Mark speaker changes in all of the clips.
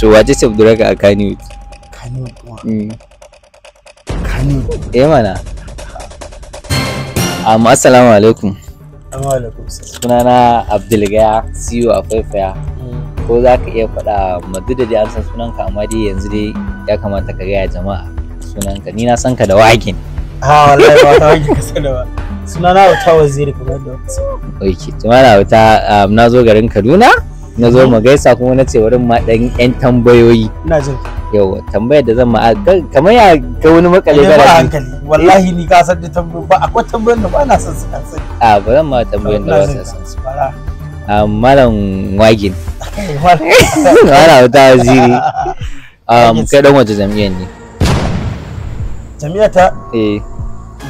Speaker 1: to wace ce budurarka a kaniwood
Speaker 2: kaniwood kuma mm.
Speaker 1: eh mana um, assalamu alaikum na abdulgaya siyo e a faifaya mm. ko za ka iya faɗa madu da jihar san sunanka amma dai yanzu dai ya kamata ka gaya jama'a sunanka ni na san ka da wakin ha wallahi ba ta wakin ka sani ba
Speaker 2: sunana wata waziri kamar da
Speaker 1: wata ok tumana um, na zo garin kaduna na zo mu gaisa kuma na ce wurin ma dan yan tambayoyi ina jin yawa tambayar da zan ma kamar ya ga wani makale ba hankali
Speaker 2: wallahi ni ka san da tambayoyi ba akwai tambayoyin da ba na san su kan sai
Speaker 1: a ba zan ma tambayoyin da ba na son su malam wagin
Speaker 2: wala ta ziri
Speaker 1: kai dan waje jami'an ne jami'a ta eh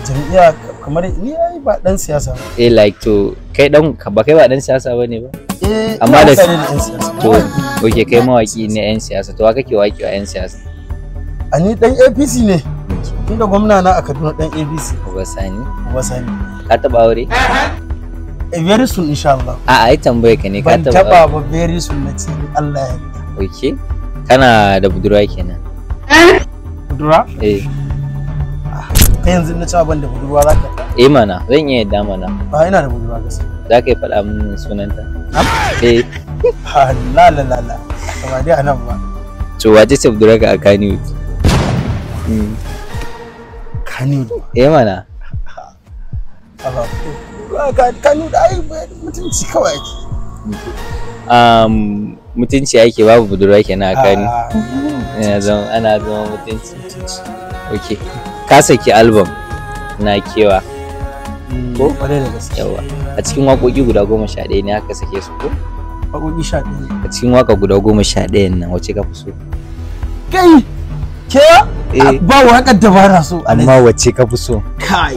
Speaker 2: jami'a kamar ni ai ba dan siyasa
Speaker 1: eh like to kai dan ba kai ba dan siyasa bane ba Eh, amma da to oke kai mawaki ne yan siyasa to wa kake waki wa yan siyasa
Speaker 2: a ni dan APC ne mm. tunda gwamna na a Kaduna dan APC Sani. ba Sani. ka taba aure a eh, very soon insha Allah
Speaker 1: a ai tambaye ka ne ka taba ban taba
Speaker 2: ba very soon na ce Allah ya yarda
Speaker 1: oke kana da budurwa kenan eh? budurwa eh
Speaker 2: kai yanzu na ci abin da budurwa za ka
Speaker 1: eh mana zan iya yadda mana
Speaker 2: ba ina da budurwa gaske.
Speaker 1: za ka yi faɗa min sunanta eh la la la la
Speaker 2: ba dai anan ba
Speaker 1: to wace ce budurwa ka a Kannywood hmm. Kannywood eh mana Kannywood ai mutunci kawai ake um, mutunci ake babu budurwa kenan a Kano ana zama mutunci ok ka saki album na kewa mm, ko a cikin waƙoƙi guda goma sha ɗaya ne aka sake su ko waƙoƙi sha ɗaya a cikin waƙa guda goma sha ɗaya nan wace ka fi so kai kewa eh. ba waƙar da ba na so amma wace ka fi so
Speaker 2: kai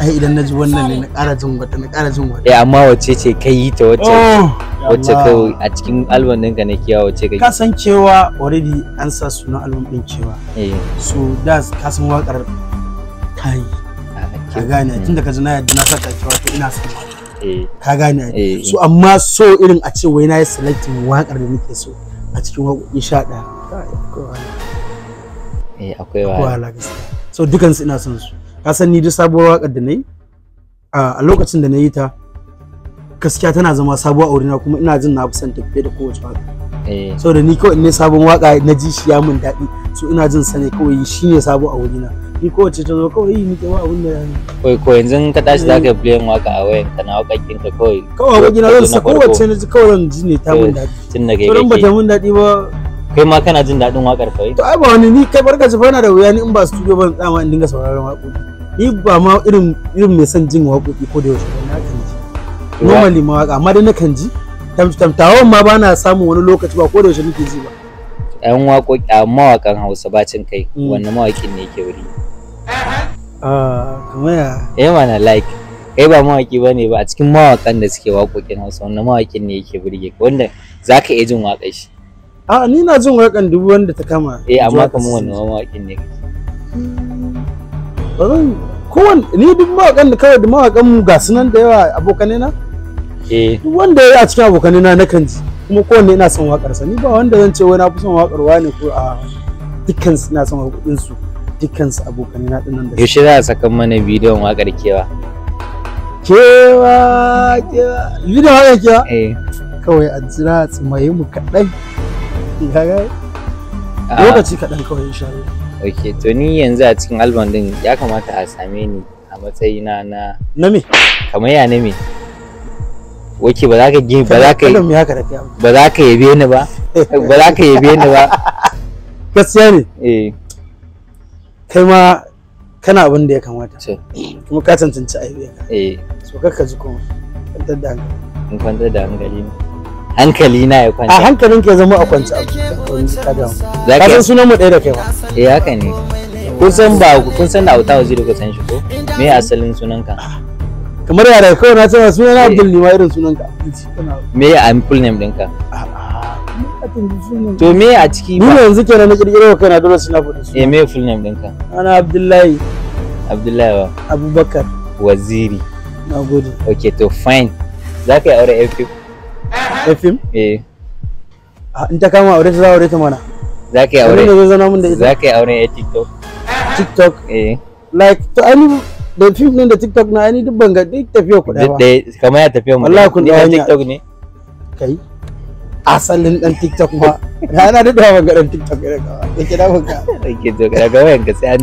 Speaker 2: ai idan na ji wannan ne na ƙara jin wata na ƙara jin wata
Speaker 1: eh amma wace ce ka yi ta wacce oh, wacce ka a cikin album ka na kiyawa wacce kai ka
Speaker 2: san cewa already an sa sunan album din cewa eh. so da ka san waƙar ah, kai ka gane hmm. tunda ka ji na yadda na sa ta cewa to ina son eh. ka gane eh, so amma so irin a ce wai na yi selecting waƙar da nake so a cikin waƙoƙi sha ɗaya
Speaker 1: akwai wahala
Speaker 2: gaskiya so dukansu ina son su ka san ni duk sabuwar wakar da na yi a lokacin da na yi ta gaskiya tana zama sabuwa a wurina kuma ina jin na fi son tafiye da kowace waka eh. da ni kawai ne sabon waka na ji shi ya mun daɗi so ina jin sa ne kawai shi ne sabo a wurina ni kowace ta zo kawai yi ke wa abin da
Speaker 1: kawai ko yanzu ka tashi za ka biyan eh. waka a wayan kana na wakakin ka kawai kawai na zan sa kowace na ji kawai zan ji ne ta mun eh, daɗi tun da kai kake ba ta mun ba kai ma kana jin daɗin waƙar fa eh? to
Speaker 2: ai ba wani ni kai barka fa na da wuya ni in ba studio ban tsama in dinga sauraron waƙoƙi ni ba ma irin irin mai son jin waƙoƙi ko da yaushe ba na kan ji normally ma waƙa amma dai na kan ji tamtawan ma ba na samun wani lokaci ba ko da yaushe nake ji ba
Speaker 1: ɗan waƙoƙi a mawaƙan Hausa ba cin kai mm. wanne mawaƙin ne ke wuri
Speaker 2: ah,
Speaker 1: kamar ya eh mana like kai ba mawaƙi ba ne ba a cikin mawaƙan da suke waƙoƙin Hausa wanne mawaƙin ne yake burge ka wanda zaka iya jin waƙar shi a ni na jin waƙan dubu wanda ta kama eh amma kamar wani mawaƙin ne
Speaker 2: ba zan kowane ni duk mawaƙan da kawai da mawaƙan mu ga sunan da yawa abokanai na eh duk wanda ya yi a cikin abokanai na nakan ji kuma kowanne ina son waƙar sa ni ba wanda zan ce wai na fi son waƙar wani ko a dukkan su ina son waƙoƙin su dukkan su abokanai na dinnan da yaushe
Speaker 1: za a saka mana bidiyon waƙar kewa kewa
Speaker 2: kewa bidiyon waƙar kewa eh kawai a jira a tsimaye mu kaɗai daɗi kaga ah. lokaci kaɗan kawai insha Allah
Speaker 1: ok to ni yanzu a cikin album din ya kamata a same ni a matsayina na na me kamar ya na me wake ba za ka gini ba za ka ba za ka yabe ni ba
Speaker 2: ba za ka yabe ni ba
Speaker 1: gaskiya ne eh kai
Speaker 2: ma kana abin da ya kamata kuma ka cancanci a yi ka eh so kakka ji kuma kwantar da hankali
Speaker 1: in kwantar da hankali ne hankali na ya kwanta a hankalin
Speaker 2: ke zama a kwance a kadan ka san sunan
Speaker 1: mu ɗaya da kai ba eh haka ne kun san ba kun san da auta waziri ku san shi ko me asalin sunan ka kamar yara kawai na cewa sunan Abdul ne ma irin sunan ka me ya am full name ɗinka to me a ciki ba yanzu kenan na kirkiro ka na dole suna fudu eh me full name ɗinka ana Abdullahi Abdullahi ba Abubakar waziri nagode okay to fine za ka yi aure f a eh, fim eh ah,
Speaker 2: in ta kama aure ta aure ta mana
Speaker 1: za ka yi aure mun da ita za ka yi aure tiktok eh.
Speaker 2: tiktok eh like to ani da fim din da tiktok na ani duk ban ga duk ku da ba
Speaker 1: kamar ya mu wallahi kun da tiktok ne kai asalin dan tiktok ba na na da ban ga dan tiktok ne ka da